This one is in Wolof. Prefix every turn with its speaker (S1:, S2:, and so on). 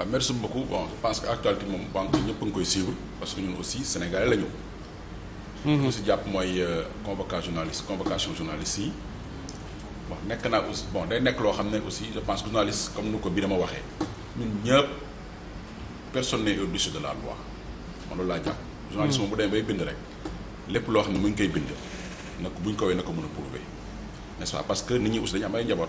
S1: waaw ah, merci beaucoup bon je pense que moom banque ñëpp a ngi koy suivre parce que ñun aussi sénégalais la ñu. ñu si jàpp mooy euh, convocation journaliste convocation journaliste yi. bon nekk naa aussi bon day nekk loo xam ne aussi je pense que journaliste comme nu ko bii dama waxee ñun ñëpp personne n'est de la loi man loolu laa jàpp. Mhm. journaliste moom bu demee bay bind rek lépp loo xam ne mu koy bind nag bu ñu ko wee na ko mën a prouver n'est-ce pas parce que nit ñi aussi dañu am ay njaboot.